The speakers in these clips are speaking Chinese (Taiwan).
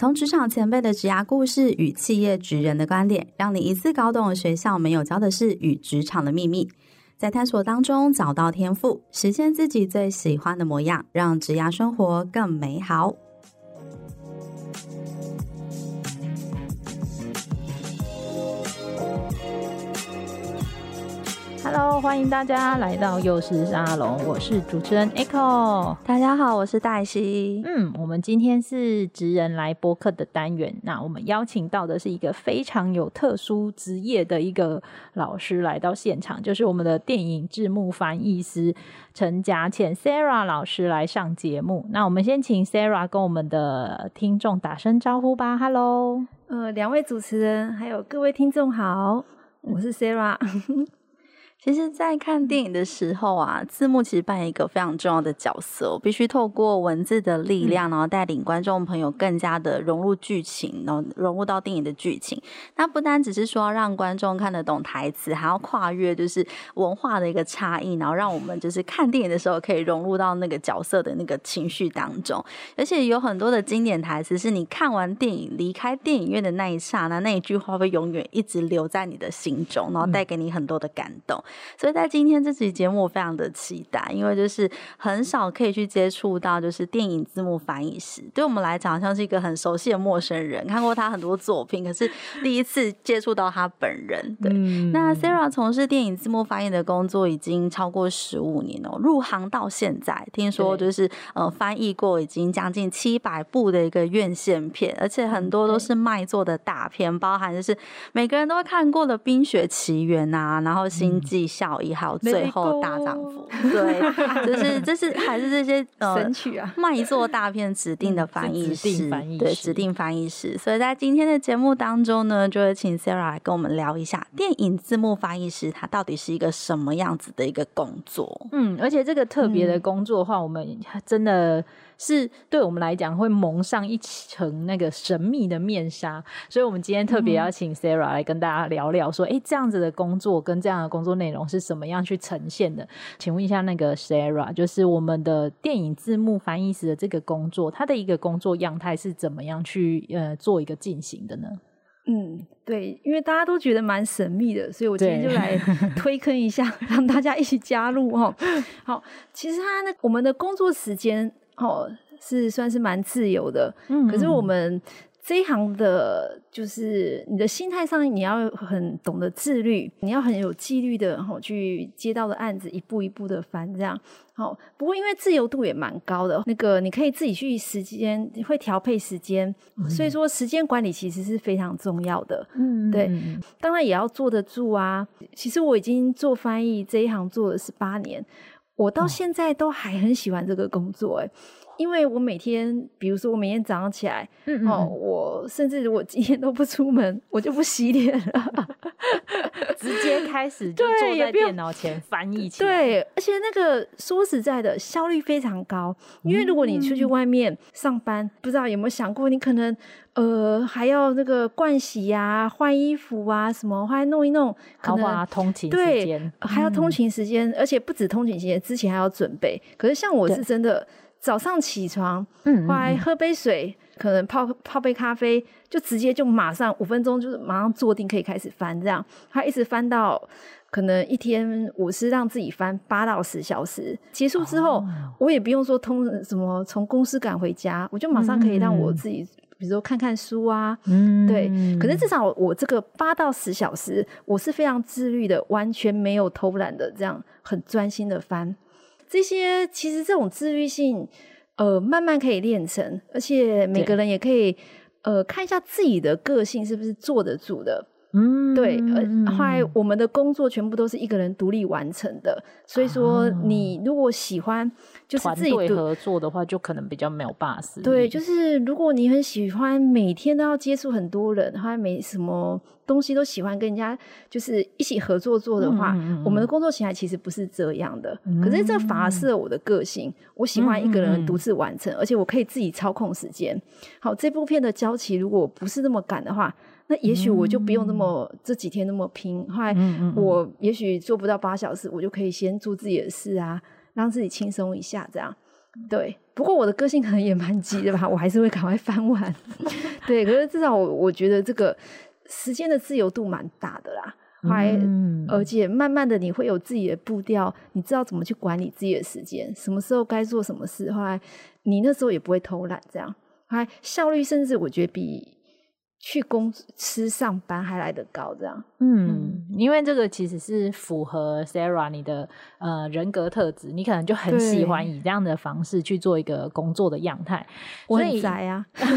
從職場前輩的職涯故事與企業職人的觀點，讓你一次搞懂學校沒有教的事與職場的秘密，在探索當中找到天賦，實現自己最喜歡的模樣，讓職涯生活更美好。Hello，歡迎大家來到幼師沙龍，我是主持人 Echo。大家好，我是黛西。嗯，我們今天是職人來播客的單元，那我們邀請到的是一個非常有特殊職業的一個老師來到現場，就是我們的電影字幕翻譯師陳家倩 Sarah 老師來上節目。那我們先請 Sarah 跟我們的聽眾打聲招呼吧。Hello，呃，兩位主持人還有各位聽眾好，我是 Sarah。 其實，在看電影的時候啊，字幕其實扮演一個非常重要的角色哦。我必須透過文字的力量，然後帶領觀眾朋友更加的融入劇情，然後融入到電影的劇情。那不單只是說讓觀眾看得懂台詞，還要跨越就是文化的一個差異，然後讓我們就是看電影的時候可以融入到那個角色的那個情緒當中。而且有很多的經典台詞，是你看完電影離開電影院的那一剎那，那一句話會永遠一直留在你的心中，然後帶給你很多的感動。所以在今天這期節目，我非常的期待，因為就是很少可以去接觸到，就是電影字幕翻譯師，對我們來講像是一個很熟悉的陌生人。看過他很多作品，可是第一次接觸到他本人。對，嗯、那 Sarah 從事電影字幕翻譯的工作已經超過十五年了、喔，入行到現在，聽說就是呃翻譯過已經將近七百部的一個院線片，而且很多都是賣座的大片，包含就是每個人都會看過的《冰雪奇緣、啊》啊，然後《星際。嗯效益還最後大丈夫 對，就是就是還是這些、呃、神曲啊。賣座大片指定的翻譯師、嗯，對，指定翻譯師。所以在今天的節目當中呢，就會請 Sara 來跟我們聊一下電影字幕翻譯師，他到底是一個什麼樣子的一個工作？嗯，而且這個特別的工作的話，嗯、我們真的。是，對我們來講會蒙上一層那個神秘的面紗，所以我們今天特別邀請 Sarah 來跟大家聊聊，說，哎、嗯，這樣子的工作跟這樣的工作內容是怎麼樣去呈現的？請問一下，那個 Sarah，就是我們的電影字幕翻譯師的這個工作，他的一個工作樣態是怎麼樣去呃做一個進行的呢？嗯，對，因為大家都覺得蠻神秘的，所以我今天就來推坑一下， 讓大家一起加入哦。好，其實他那我們的工作時間。哦，是算是蠻自由的，嗯嗯嗯，可是我們這一行的，就是你的心態上，你要很懂得自律，你要很有紀律的，然後、哦、去接到的案子，一步一步的翻這樣。好、哦，不過因為自由度也蠻高的，那個你可以自己去時間，會調配時間，嗯嗯，所以說時間管理其實是非常重要的。嗯，嗯，對，當然也要坐得住啊。其實我已經做翻譯這一行做了十八年。我到現在都還很喜歡這個工作，欸，誒，嗯，因為我每天，比如說我每天早上起來，嗯嗯，哦，我甚至我今天都不出門，我就不洗臉了。嗯 直接開始就坐在電腦前翻譯起來，對，而且那個說實在的，效率非常高，嗯，因為如果你出去外面上班，嗯，不知道有沒有想過，你可能呃還要那個盥洗呀、啊、換衣服啊什麼，還弄一弄，可能，啊、通勤時間，嗯，還要通勤時間、嗯，而且不止通勤時間之前還要準備。可是像我是真的早上起床，嗯，後來喝杯水。嗯嗯嗯可能泡泡杯咖啡，就直接就馬上五分鐘，就是馬上坐定可以開始翻。這樣他一直翻到可能一天，我是讓自己翻八到十小時。結束之後，我也不用說通什麼，從公司趕回家，我就馬上可以讓我自己，比如說看看書啊、嗯，對。可是至少我這個八到十小時，我是非常自律的，完全沒有偷懶的，這樣很專心的翻。這些其實這種自律性。呃，慢慢可以練成，而且每個人也可以，呃，看一下自己的個性是不是坐得住的。嗯，對，後來我們的工作全部都是一個人獨立完成的。嗯，所以說你如果喜歡、啊、就是自己合作的話，就可能比較沒有把勢。對，就是如果你很喜歡每天都要接觸很多人，然後來沒什麼東西都喜歡跟人家就是一起合作做的話，嗯、我們的工作型態其實不是這樣的。嗯、可是這反而是我的個性。嗯，我喜歡一個人獨自完成。嗯，而且我可以自己操控時間。好，這部片的交期如果我不是那麼趕的話。那也許我就不用那麼這幾天那麼拼，嗯嗯，後來我也許做不到八小時，我就可以先做自己的事啊，讓自己輕鬆一下，這樣。對，不過我的個性可能也蠻急的吧，我還是會趕快翻完。 對，可是至少我我覺得這個時間的自由度蠻大的啦，還而且慢慢的你會有自己的步調，你知道怎麼去管理自己的時間，什麼時候該做什麼事，後來你那時候也不會偷懶，這樣。哎，效率甚至我覺得比。去公司上班還來得高這樣，嗯，因為這個其實是符合 Sara 你的呃人格特質，你可能就很喜歡以這樣的方式去做一個工作的樣態。我很宅啊， 很宅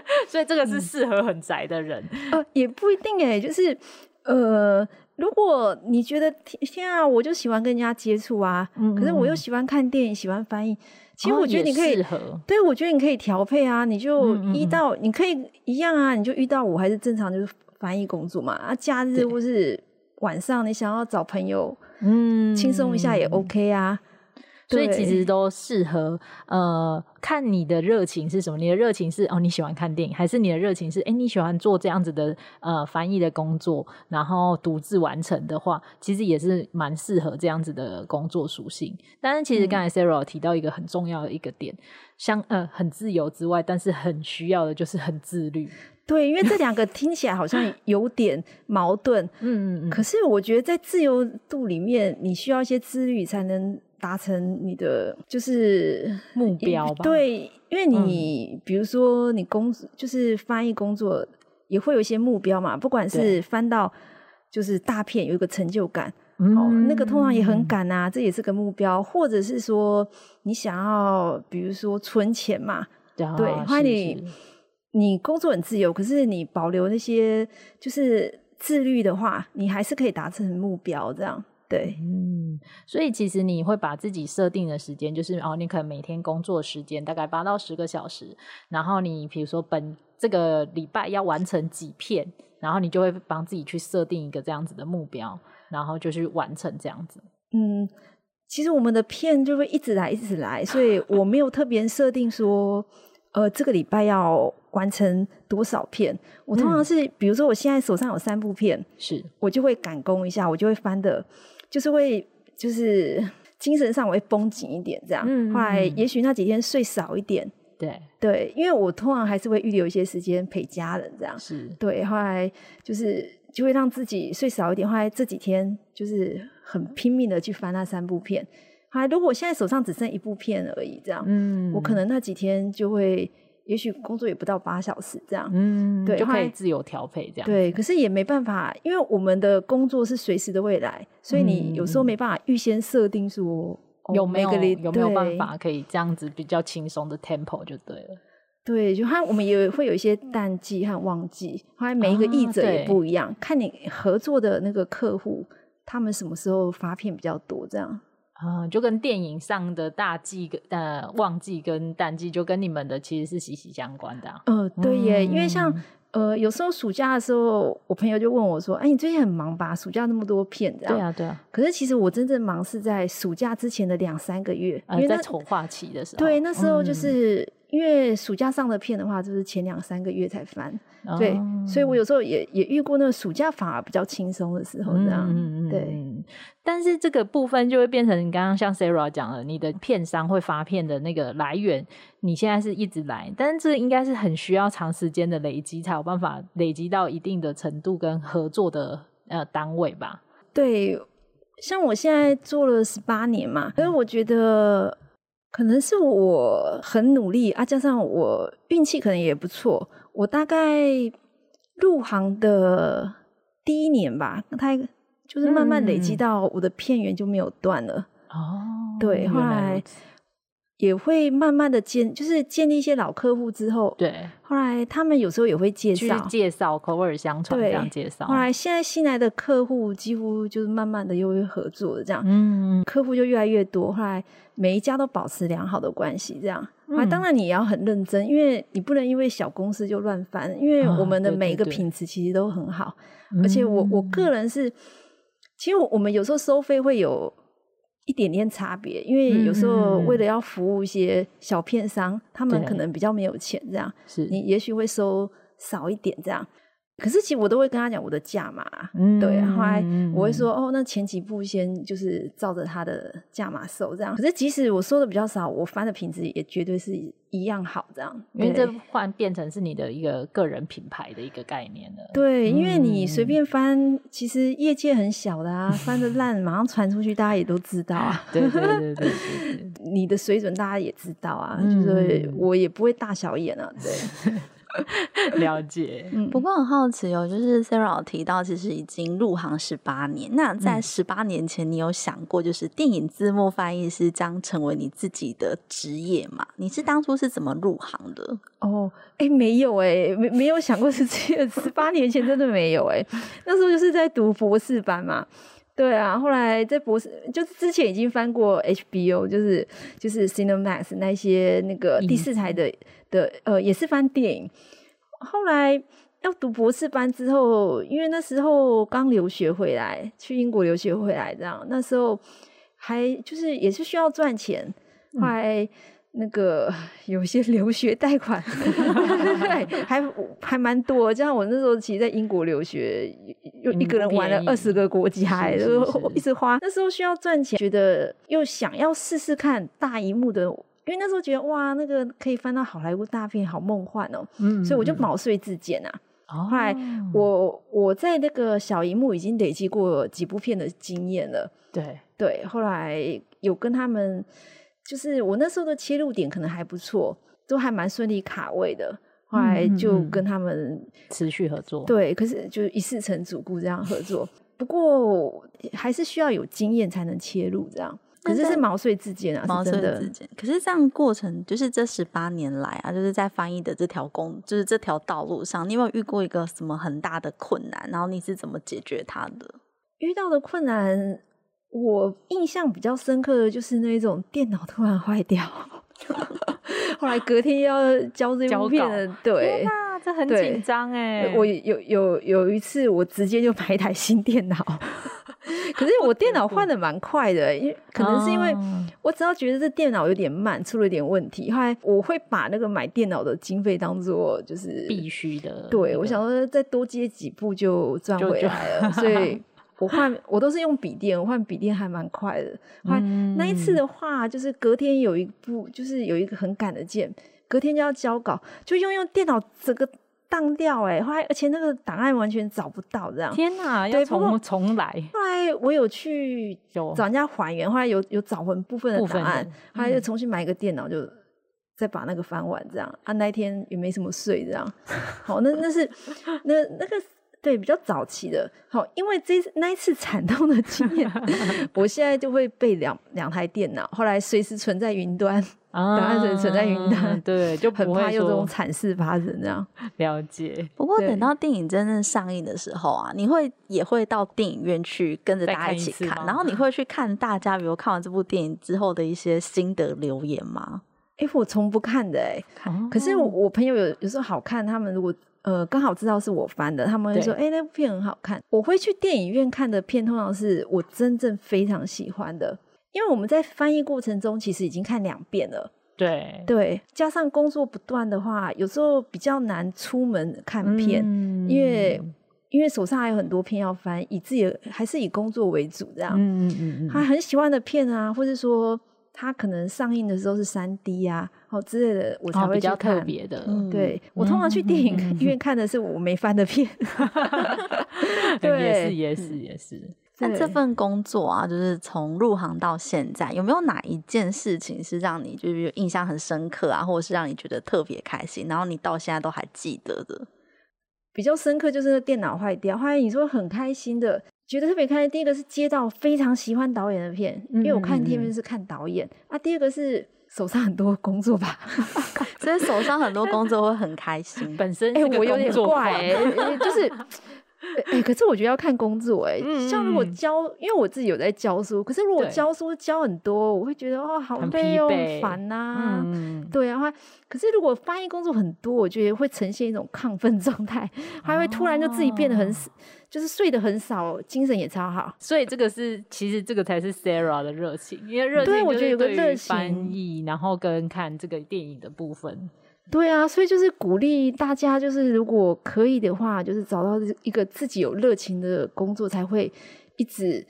所以這個是適合很宅的人，嗯呃、也不一定誒、欸、就是呃，如果你覺得天啊，我就喜歡跟人家接觸啊嗯嗯，可是我又喜歡看電影，喜歡翻譯。其實我覺得你可以，哦、對，我覺得你可以調配啊，你就一到嗯嗯，你可以一樣啊，你就遇到我還是正常就是翻譯工作嘛，啊，假日或是晚上你想要找朋友，嗯，輕鬆一下也 OK 啊。所以其實都適合，呃，看你的熱情是什麼。你的熱情是哦，你喜歡看電影，還是你的熱情是哎，你喜歡做這樣子的呃翻譯的工作，然後獨自完成的話，其實也是蠻適合這樣子的工作屬性。但是，其實剛才 Sara 提到一個很重要的一個點，嗯、像呃很自由之外，但是很需要的就是很自律。對，因為這兩個聽起來好像有點矛盾。嗯 嗯嗯。可是我覺得在自由度裡面，你需要一些自律才能達成你的就是目標吧？對，因為你比如說你工作就是翻譯工作也會有一些目標嘛，不管是翻到就是大片有一個成就感，哦，那個通常也很趕啊，這也是個目標。或者是說你想要比如說存錢嘛，對，你你工作很自由，可是你保留那些就是自律的話，你還是可以達成目標這樣。對，嗯，所以其實你會把自己設定的時間，就是哦，你可能每天工作時間大概八到十個小時，然後你比如說本這個禮拜要完成幾片，然後你就會幫自己去設定一個這樣子的目標，然後就去完成這樣子。嗯，其實我們的片就會一直來，一直來，所以我沒有特別設定說， 呃，這個禮拜要完成多少片。我通常是、嗯、比如說我現在手上有三部片，是我就會趕工一下，我就會翻的。就是會，就是精神上我會繃緊一點，這樣。嗯，嗯，嗯。後來也許那幾天睡少一點。對。對，因為我通常還是會預留一些時間陪家人，這樣。是。對，後來就是就會讓自己睡少一點，後來這幾天就是很拼命的去翻那三部片，後來如果我現在手上只剩一部片而已，這樣。嗯，嗯，嗯。我可能那幾天就會。也許工作也不到八小時這樣，嗯，對，就可以自由調配這樣。對，可是也沒辦法，因為我們的工作是隨時都會來，所以你有時候沒辦法預先設定說、嗯 oh, 有沒有個，有沒有辦法可以這樣子比較輕鬆的 tempo 就對了。對，就他，我們也會有一些淡季和旺季，後來每一個譯者也不一樣、啊，看你合作的那個客戶，他們什麼時候發片比較多這樣。嗯、就跟電影上的大季跟呃旺季跟淡季，就跟你們的其實是息息相關的，啊。呃對耶、嗯，因為像呃有時候暑假的時候，我朋友就問我說：“哎，欸，你最近很忙吧？暑假那麼多片的，這樣。”對啊，對啊。可是其實我真正忙是在暑假之前的兩三個月，呃，因為在籌劃期的時候。對，那時候就是。嗯因為暑假上的片的話，就是前兩三個月才翻、哦，對，所以我有時候也也遇過那個暑假反而比較輕鬆的時候這樣，嗯嗯嗯嗯對。但是這個部分就會變成你剛剛像 Sarah 講的，你的片商會發片的那個來源，你現在是一直來，但是這應該是很需要長時間的累積才有辦法累積到一定的程度跟合作的呃單位吧？對，像我現在做了十八年嘛，嗯，所以我覺得。可能是我很努力啊，加上我運氣可能也不錯。我大概入行的第一年吧，那他、嗯、就是慢慢累積到我的片源就沒有斷了。哦，對，後來。也會慢慢的建，就是建立一些老客戶之後，對，後來他們有時候也會介紹，介紹口耳相傳這樣介紹。後來現在新來的客戶幾乎就是慢慢的又會合作這樣，嗯，客戶就越來越多。後來每一家都保持良好的關係這樣。嗯，當然你也要很認真，因為你不能因為小公司就亂翻，因為我們的每一個品質其實都很好，啊，對對對，而且我我個人是，其實我們有時候收費會有。一點點差別，因為有時候為了要服務一些小片商，嗯嗯，他們可能比較沒有錢，這樣你也許會收少一點這樣。可是其實我都會跟他講我的價碼，嗯，對，後來我會說、嗯、哦，那前幾步先就是照着他的價碼收這樣。可是即使我收的比較少，我翻的品質也絕對是一樣好這樣，因為這換變成是你的一個個人品牌的一個概念了。對，因為你隨便翻，其實業界很小的啊，嗯、翻得爛馬上傳出去， 大家也都知道啊。對對對對對， 你的水準大家也知道啊，就、嗯、是我也不會大小眼啊，對。嗯嗯 了解、嗯，不過很好奇哦，就是 Sara 提到，其實已經入行十八年。那在十八年前，你有想過，就是電影字幕翻譯師將成為你自己的職業嗎？你是當初是怎麼入行的？哦，哎、欸，沒有哎、欸，沒沒有想過是這樣。十八年前真的沒有哎、欸， 那時候就是在讀博士班嘛。對啊，後來在博士，就是之前已經翻過 HBO，就是就是 Cinemax 那些那個第四台的，嗯、的呃，也是翻電影。後來要讀博士班之後，因為那時候剛留學回來，去英國留學回來這樣，那時候還就是也是需要賺錢，後來、嗯。那個有些留學貸款 對，還還蠻多，就像我那時候，其實在英國留學，又一個人玩了二十個國家，一直花。那時候需要賺錢，覺得又想要試試看大熒幕的，因為那時候覺得哇，那個可以翻到好萊塢大片，好夢幻哦，喔嗯嗯嗯。所以我就毛遂自薦啊，哦。後來我我在那個小熒幕已經累積過幾部片的經驗了。對對，後來有跟他們。就是我那時候的切入點可能還不錯，都還蠻順利卡位的，嗯。後來就跟他們持續合作，對，可是就一事成主顧這樣合作。 不過還是需要有經驗才能切入這樣。可是是毛遂自薦啊，是真的，毛遂自薦。可是這樣的過程就是這十八年來啊，就是在翻譯的這條工，就是這條道路上，你有沒有遇過一個什麼很大的困難？然後你是怎麼解決它的？嗯、遇到的困難。我印象比較深刻的，就是那種電腦突然壞掉 後來隔天要交這部交稿，對，那這很緊張誒，我有有有一次，我直接就買一台新電腦。 可是我電腦換的蠻快的，欸，因 為可能是因為我只要覺得這電腦有點慢，嗯，出了一點問題，後來我會把那個買電腦的經費當做就是必須的。對，我想說再多接幾部就賺回來了，所以。 我換我都是用筆電，我換筆電還蠻快的。換、嗯、那一次的話，就是隔天有一部，就是有一個很趕的件，隔天就要交稿，就用用電腦整個當掉哎、欸。後來而且那個檔案完全找不到這樣。天哪、啊，要重重來。後來我有去找人家還原，後來有有找回部分的檔案、嗯，後來又重新買一個電腦，就再把那個翻完這樣。啊，那一天也沒什麼睡這樣。好，那那是那那個。對，比較早期的，好，因為這那一次慘痛的經驗， 我現在就會備兩兩台電腦，後來隨時存，在雲端，檔案存存在雲端、嗯，對，就很怕有這種慘事發生，這樣了解。不過等到電影真正上映的時候啊，你會也會到電影院去跟着大家一起看，看一，然後你會去看大家，比如看完這部電影之後的一些心得留言嗎？哎、嗯欸，我從不看的、欸，哎，可是我我朋友有有時候好看，他們如果。呃，剛好知道是我翻的，他們會說：“哎、欸，那部片很好看。”我會去電影院看的片，通常是我真正非常喜歡的，因為我們在翻譯過程中其實已經看兩遍了。對對，加上工作不斷的話，有時候比較難出門看片，嗯、因為因為手上還有很多片要翻，以自己還是以工作為主這樣。嗯嗯嗯嗯，他很喜歡的片啊，或者說他可能上映的時候是三 D 呀。哦之類的，我才會去看，哦，比較特別的，對，嗯、我通常去電影院，嗯、看的是我沒翻的片。嗯、 對，也是也是也是。那這份工作啊，就是從入行到現在，有沒有哪一件事情是讓你就是印象很深刻啊，或者是讓你覺得特別開心，然後你到現在都還記得的？比較深刻就是那電腦壞掉，後來你說很開心的，覺得特別開心。第一個是接到非常喜歡導演的片，因為我看電影就是看導演，嗯，啊。第二個是。手上很多工作吧， 所以手上很多工作會很開心。 本身哎、欸，我有點怪、欸 欸，就是。 欸、可是我覺得要看工作，欸，像如果教，因為我自己有在教書，可是如果教書教很多，我會覺得哦，好疲憊，哦，很煩吶，啊嗯，對啊。可是如果翻譯工作很多，我覺得會呈現一種亢奮狀態，還會突然就自己變得很，哦，就是睡得很少，精神也超好。所以這個是，其實這個才是 Sara 的熱情，因為熱情就是對於翻譯，對，我覺得有個熱情。翻譯，然後跟看這個電影的部分。對啊，所以就是鼓勵大家，就是如果可以的話，就是找到一個自己有熱情的工作，才會一直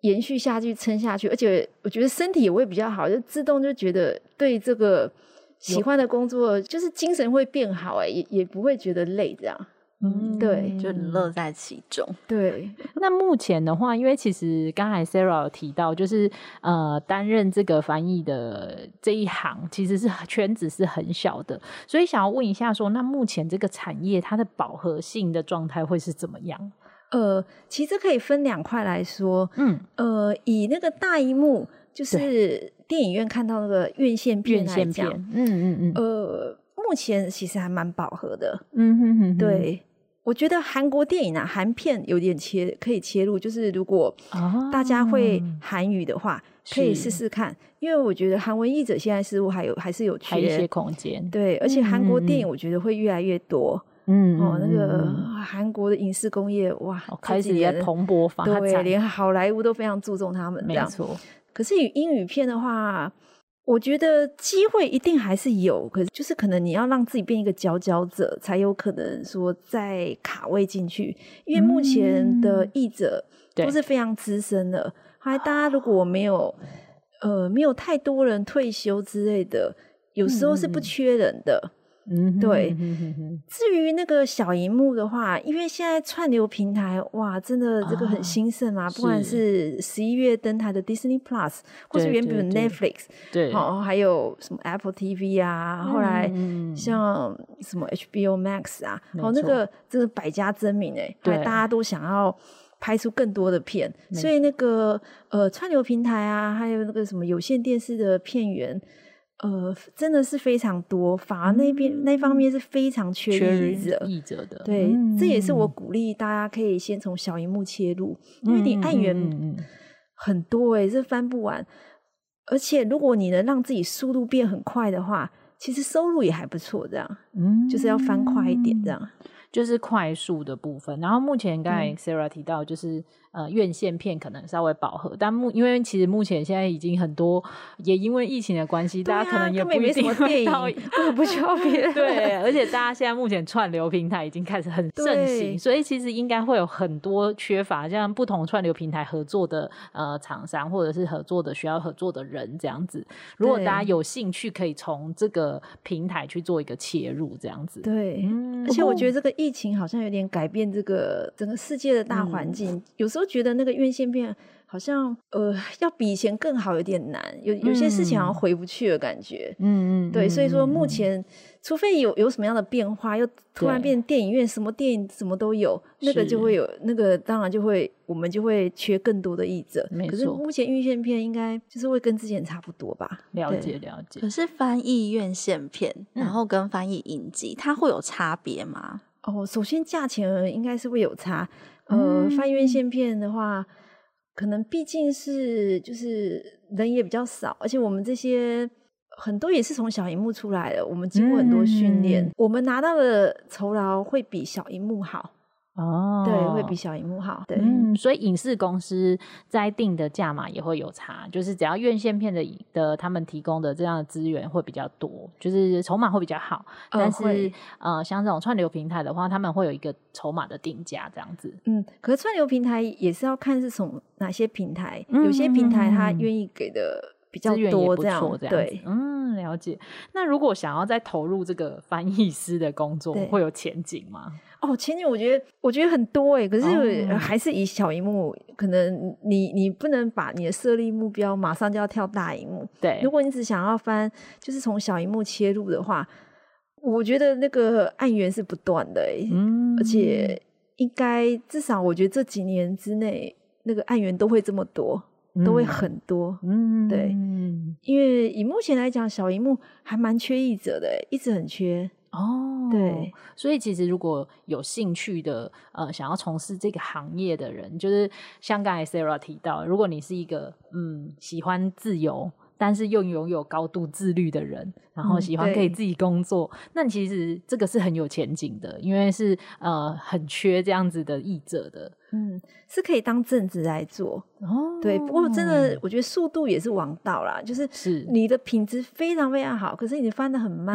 延續下去、撐下去。而且我覺得身體也會比較好，就自動就覺得對這個喜歡的工作，就是精神會變好，欸，也也不會覺得累這樣。嗯，對，就樂在其中。對，那目前的話，因為其實剛才 Sara 有提到，就是呃，擔任這個翻譯的這一行，其實是圈子是很小的，所以想要問一下說，說那目前這個產業它的飽和性的狀態會是怎麼樣？呃，其實可以分兩塊來說，嗯，呃，以那個大螢幕，就是電影院看到那個院線片來講，嗯嗯嗯，呃。目前其實還蠻飽和的，嗯哼，哼哼。對，我覺得韓國電影啊，韓片有點切，可以切入，就是如果大家會韓語的話，哦、可以試試看。因為我覺得韓文譯者現在似乎還有還是有缺有一些空間，對。而且韓國電影我覺得會越來越多，嗯，嗯，嗯，哦，那個韓國的影視工業哇，哦、連開始也蓬勃發展，連好萊塢都非常注重他們這樣，沒錯。可是以英語片的話，我覺得機會一定還是有，可是就是可能你要讓自己變一個佼佼者，才有可能說再卡位進去。因為目前的譯者都是非常資深的，還、嗯、大家如果沒有呃沒有太多人退休之類的，有時候是不缺人的。嗯嗯， 對。至於那個小熒幕的話，因為現在串流平台哇，真的這個很興盛啊，啊，不管是十一月登台的 Disney Plus，或是原本的 Netflix，對，對,對，還有什麼 Apple TV 啊，後來像什麼 HBO Max 啊，嗯、好，那、這個真的百家爭鳴哎，對，大家都想要拍出更多的片，所以那個呃串流平台啊，還有那個什麼有線電視的片源。呃，真的是非常多，反而那邊、嗯、那方面是非常缺缺譯者、譯者的對、嗯，這也是我鼓勵大家可以先從小熒幕切入，嗯、因為你案源很多哎、欸，這翻不完，而且如果你能讓自己速度變很快的話，其實收入也還不錯，這樣，嗯，就是要翻快一點這樣。就是快速的部分，然後目前剛才 Sara 提到，就是、嗯、呃，院線片可能稍微飽和，但目因為其實目前現在已經很多，也因為疫情的關係、啊，大家可能也不一沒什麼電影， 不需要別 對，而且大家現在目前串流平台已經開始很盛行，所以其實應該會有很多缺乏像不同串流平台合作的呃廠商，或者是合作的需要合作的人這樣子。如果大家有興趣，可以從這個平台去做一個切入這樣子。對，嗯，而且我覺得這個一。嗯疫情好像有點改變這個整個世界的大環境、嗯，有時候覺得那個院線片好像呃要比以前更好，有點難。有有些事情好像回不去的感覺，嗯嗯，對嗯。所以說目前，嗯、除非有有什麼樣的變化，又突然變電影院什麼電影什麼都有，那個就會有那個當然就會我們就會缺更多的譯者。沒錯，可是目前院線片應該就是會跟之前差不多吧。了解了解。可是翻譯院線片，然後跟翻譯影集，它會有差別嗎？哦，首先價錢應該是會有差，嗯，呃，翻院線片的話，可能畢竟是就是人也比較少，而且我們這些很多也是從小熒幕出來的，我們經過很多訓練，嗯，我們拿到的酬勞會比小熒幕好。哦，對，會比小熒幕好，對，嗯，所以影視公司在定的價碼也會有差，就是只要院線片的的他們提供的這樣的資源會比較多，就是籌碼會比較好，但是呃，像這種串流平台的話，他們會有一個籌碼的定價這樣子，嗯，可是串流平台也是要看是從哪些平台，有些平台他願意給的比較多，這樣，不錯這樣，對，嗯，了解。那如果想要再投入這個翻譯師的工作，會有前景嗎？哦，前景我覺得我覺得很多誒、欸、可是還是以小熒幕，oh、可能你你不能把你的設立目標馬上就要跳大熒幕。對，如果你只想要翻。就是從小熒幕切入的話，我覺得那個案源是不斷的、欸，mm. 而且應該至少我覺得這幾年之內，那個案源都會這麼多，都會很多，嗯、mm.，對，因為以目前來講，小熒幕還蠻缺譯者的、欸，一直很缺。哦，對，所以其實如果有興趣的呃，想要從事這個行業的人，就是像剛才 Sara 提到，如果你是一個嗯喜歡自由，但是又擁有高度自律的人。然後喜歡可以自己工作，嗯、那你其實這個是很有前景的，因為是呃很缺這樣子的譯者的，嗯，是可以當正職來做哦。對，不過真的我覺得速度也是王道啦，哦、就是是你的品質非常非常好，可是你翻的很慢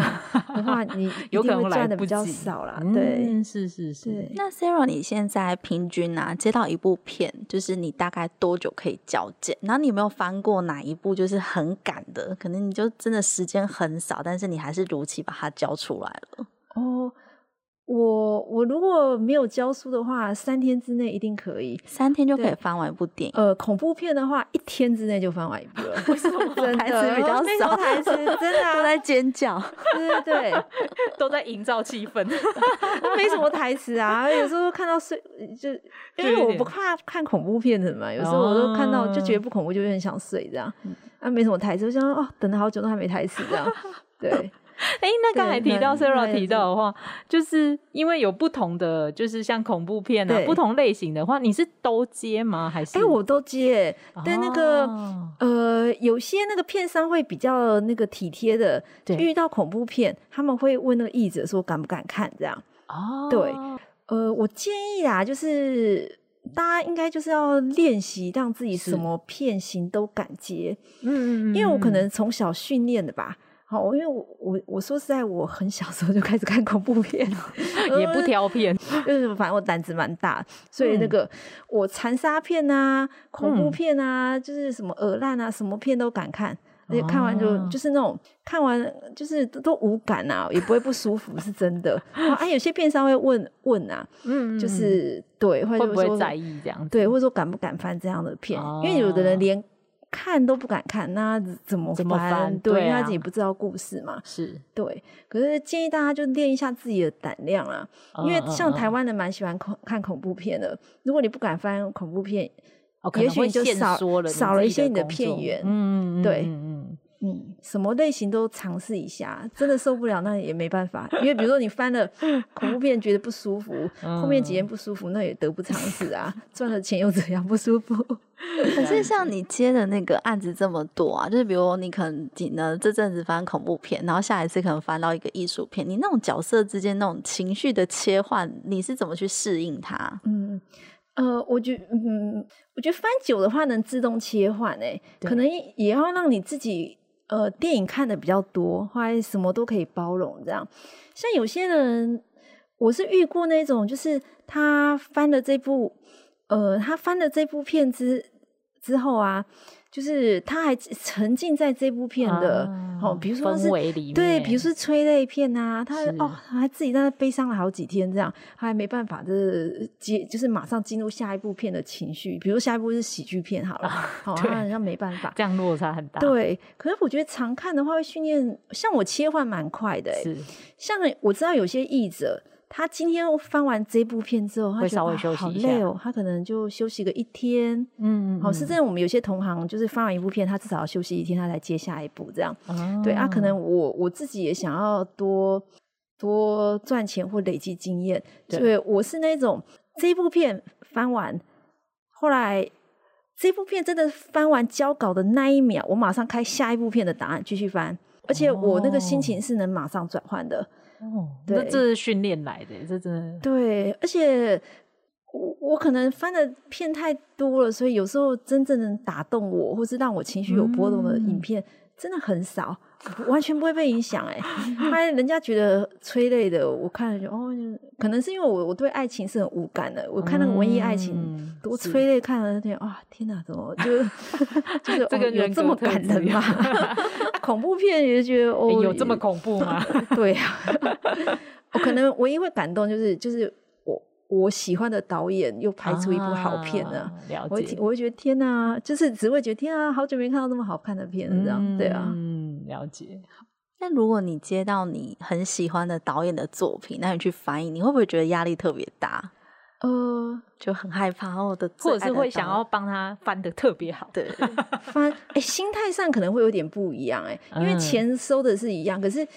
的話，你 有可能賺的比較少啦。嗯、對、嗯，是是是。那 Sara，你現在平均啊接到一部片，就是你大概多久可以交件？然後你有沒有翻過哪一部就是很趕的？可能你就真的時間很少。但是你還是如期把它交出來了哦。我我如果沒有教書的話，三天之內一定可以，三天就可以翻完一部電影。呃，恐怖片的話，一天之內就翻完一部了。為什麼？真的 台詞比較少，台詞 真的、啊、都在尖叫，對對、對，都在營造氣氛。它 沒什麼台詞啊， 有時候看到睡，就因為我不怕看恐怖片的嘛，什、嗯、麼有時候我都看到就覺得不恐怖，就有點想睡這樣。嗯啊，沒什麼台詞，我想說哦，等了好久都還沒台詞這樣， 對。哎、欸，那剛才提到 Sara 提到的話，就是因為有不同的，就是像恐怖片啊，不同類型的話，你是都接嗎？還是？哎、欸，我都接、欸。但、哦、那個呃，有些那個片商會比較那個體貼的，遇到恐怖片，他們會問那個譯者說敢不敢看這樣。哦，對。呃，我建議啊，就是。大家應該就是要練習，讓自己什麼片型都敢接。嗯嗯嗯，因為我可能從小訓練的吧。好，因為我我我說實在，我很小時候就開始看恐怖片了，也不挑片，就、呃、是反正我膽子蠻大，所以那個、嗯、我殘殺片啊、恐怖片啊，嗯、就是什麼惡爛啊，什麼片都敢看。你看完就，哦，就是那種看完就是都無感啊，也不會不舒服， 是真的，哦。啊，有些片商會問問啊，嗯，就是對，會不會在意這樣？對，或者說敢不敢翻這樣的片，哦？因為有的人連看都不敢看，那怎麼翻？怎麼翻對，對，啊，因為他自己不知道故事嘛。是，對。可是建議大家就練一下自己的膽量啊，嗯，因為像台灣人蠻喜歡恐看恐怖片的，嗯。如果你不敢翻恐怖片，哦，也許你就少了你少了一些你的片源。嗯，嗯，嗯，嗯，對。嗯，什麼類型都嘗試一下，真的受不了那也沒辦法。 因為比如說你翻了恐怖片，覺得不舒服、嗯，後面幾天不舒服，那也得不償失啊。賺 了錢又怎樣不舒服？可是像你接的那個案子這麼多啊，就是比如你可能頂了這陣子翻恐怖片，然後下一次可能翻到一個藝術片，你那種角色之間那種情緒的切換，你是怎麼去適應它？嗯呃，我覺得嗯，我覺得翻久的話能自動切換誒、欸，可能也要讓你自己。呃，電影看的比較多，還什麼都可以包容這樣。像有些人，我是遇過那種，就是他翻了這部，呃，他翻了這部片之之後啊。就是他還沉浸在這部片的、啊、哦，比如說是氛圍裡面。對，比如說催淚片啊，他哦，他還自己在那悲傷了好幾天，這樣他還沒辦法，就是接，就是馬上進入下一部片的情緒，比如說下一部是喜劇片好了，好，他好像沒辦法，降落差很大。對，可是我覺得常看的話會訓練，像我切換蠻快的、欸，是，像我知道有些譯者。他今天翻完這部片之後，他會稍微休息一下、啊，好累哦。他可能就休息個一天。嗯好、嗯嗯，是這樣。我們有些同行就是翻完一部片，他至少要休息一天，他才接下一部這樣。哦、對啊，可能我我自己也想要多多賺錢或累積經驗。對。所以我是那種這部片翻完，後來這部片真的翻完交稿的那一秒，我馬上開下一部片的答案繼續翻，哦、而且我那個心情是能馬上轉換的。哦對，這是訓練來的、欸，這真的對，而且我我可能翻的片太多了，所以有時候真正能打動我，或是讓我情緒有波動的影片，嗯、真的很少。完全不會被影響哎、欸，他人家覺得催淚的，我看了就哦，可能是因為我我對愛情是很無感的。嗯、我看那個文藝愛情多催淚，看了那、啊、天啊，天哪，怎麼就 就是、這個人哦、有這麼感人嗎？ 恐怖片也覺得哦、欸，有這麼恐怖嗎？ 對啊，我、哦、可能唯一會感動就是就是我我喜歡的導演又拍出一部好片了。啊、了解，我會,我會覺得天哪、啊，就是只會覺得天啊，好久沒看到這麼好看的片了、嗯，這樣對啊。了解。那如果你接到你很喜歡的導演的作品，那你去翻譯，你會不會覺得壓力特別大？呃、uh，就很害怕、哦、我的、的，或者是會想要幫他翻得特別好。 對，翻哎，心態上可能會有點不一樣哎，因為錢收的是一樣，嗯、可是。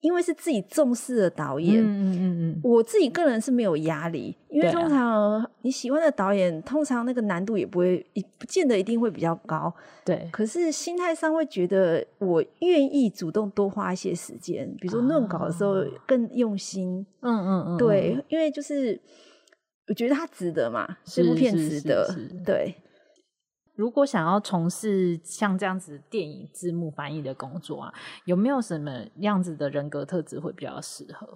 因為是自己重視的導演，嗯嗯嗯，我自己個人是沒有壓力，啊，因為通常你喜歡的導演，通常那個難度也不會，不見得一定會比較高，對。可是心態上會覺得，我願意主動多花一些時間，比如說潤稿的時候更用心，哦，嗯嗯嗯，對，因為就是我覺得他值得嘛，這部片值得，對。如果想要從事像這樣子電影字幕翻譯的工作啊，有沒有什麼樣子的人格特質會比較適合？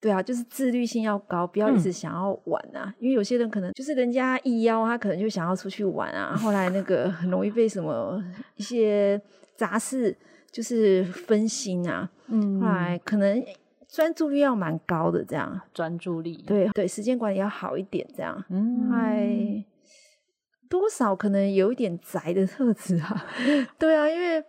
對啊，就是自律性要高，不要一直想要玩啊。嗯，因為有些人可能就是人家一邀他，可能就想要出去玩啊。 後來那個很容易被什麼一些雜事就是分心啊。嗯，後來可能專注力要蠻高的，這樣專注力對對，時間管理要好一點這樣。嗯嗨多少可能有一點宅的特質啊？ 對啊，因為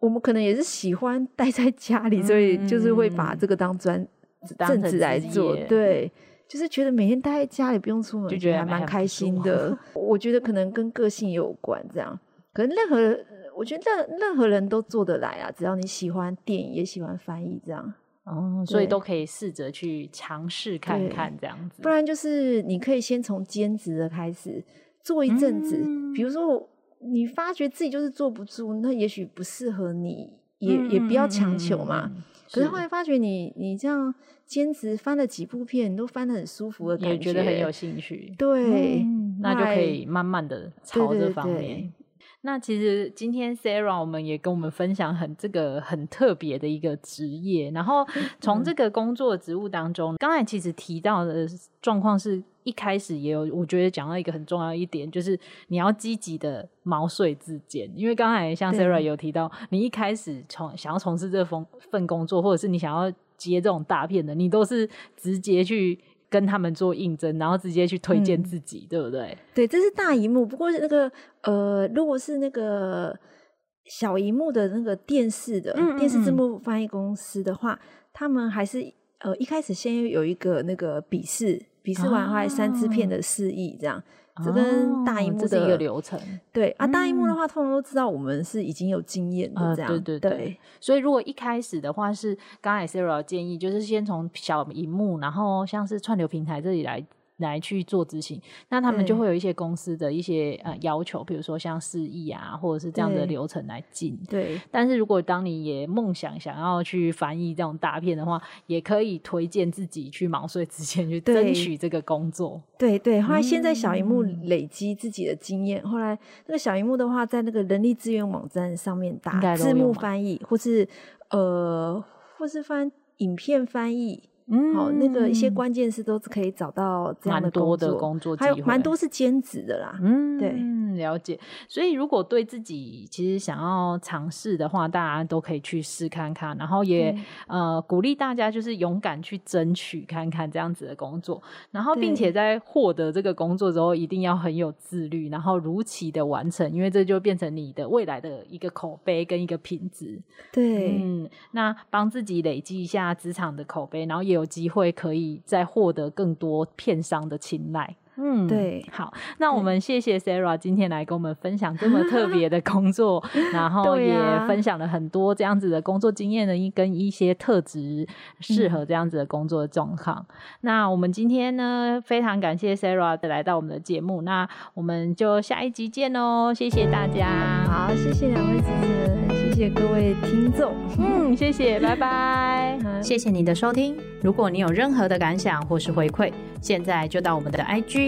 我們可能也是喜歡待在家裡，嗯、所以就是會把這個當專、嗯、正職來做。對，就是覺得每天待在家裡不用出門，就覺得還蠻開心的、啊。我覺得可能跟個性有關，這樣。 可能任何人我覺得任任何人都做得來啊，只要你喜歡電影，也喜歡翻譯，這樣哦、嗯，所以都可以試着去嘗試看看這樣子。不然就是你可以先從兼職的開始。做一陣子、嗯，比如說你發覺自己就是坐不住，那也許不適合你，也、嗯、也不要強求嘛、嗯。可是後來發覺你你這樣兼職翻了幾部片，你都翻得很舒服的感覺，也覺得很有興趣，對，嗯、那就可以慢慢的朝、嗯、這方面對對對。那其實今天 Sarah 我們也跟我們分享很這個很特別的一個職業，然後從這個工作的職務當中，剛、嗯、才其實提到的狀況是。一開始也有，我覺得講到一個很重要一點，就是你要積極的毛遂自薦。因為剛才像 Sara 有提到，你一開始從想要從事這份工作，或者是你想要接這種大片的，你都是直接去跟他們做應徵，然後直接去推薦自己，嗯，對不對？對，這是大熒幕。不過那個呃，如果是那個小熒幕的那個電視的嗯嗯嗯電視字幕翻譯公司的話，他們還是呃一開始先有一個那個筆試。比試完後，三支片的示意，這樣，哦，這跟大熒幕是一個流程。哦、對、嗯、啊，大熒幕的話，通常都知道我們是已經有經驗的這樣。呃、對對對，對，所以如果一開始的話，是剛才 Sara 建議，就是先從小熒幕，然後像是串流平台這裡來。來去做執行，那他們就會有一些公司的一些呃要求，比如說像試譯啊，或者是這樣的流程來進。對。但是如果當你也夢想想要去翻譯這種大片的話，也可以推薦自己去毛遂自薦去爭取這個工作。對對，對，後來先在小熒幕累積自己的經驗，嗯。後來那個小熒幕的話，在那個人力資源網站上面打字幕翻譯，或是呃、或是翻影片翻譯。嗯，好，那個一些關鍵詞都是可以找到這樣的工作，蠻多的工作機會，還有蠻多是兼職的啦。嗯，對，了解。所以如果對自己其實想要嘗試的話，大家都可以去試看看。然後也呃鼓勵大家就是勇敢去爭取看看這樣子的工作。然後並且在獲得這個工作之後，一定要很有自律，然後如期的完成，因為這就變成你的未來的一個口碑跟一個品質。對，嗯，那幫自己累積一下職場的口碑，然後也。有機會可以再獲得更多片商的青睞。嗯，對，好，那我們謝謝 Sara 今天來跟我們分享這麼特別的工作， 然後也分享了很多這樣子的工作經驗呢，跟一些特質適合這樣子的工作的狀況、嗯。那我們今天呢，非常感謝 Sara 的來到我們的節目，那我們就下一集見哦，謝謝大家，好，謝謝兩位主持人，很謝謝各位聽眾，嗯，謝謝，拜拜， 謝謝你的收聽，如果你有任何的感想或是回饋，現在就到我們的 IG。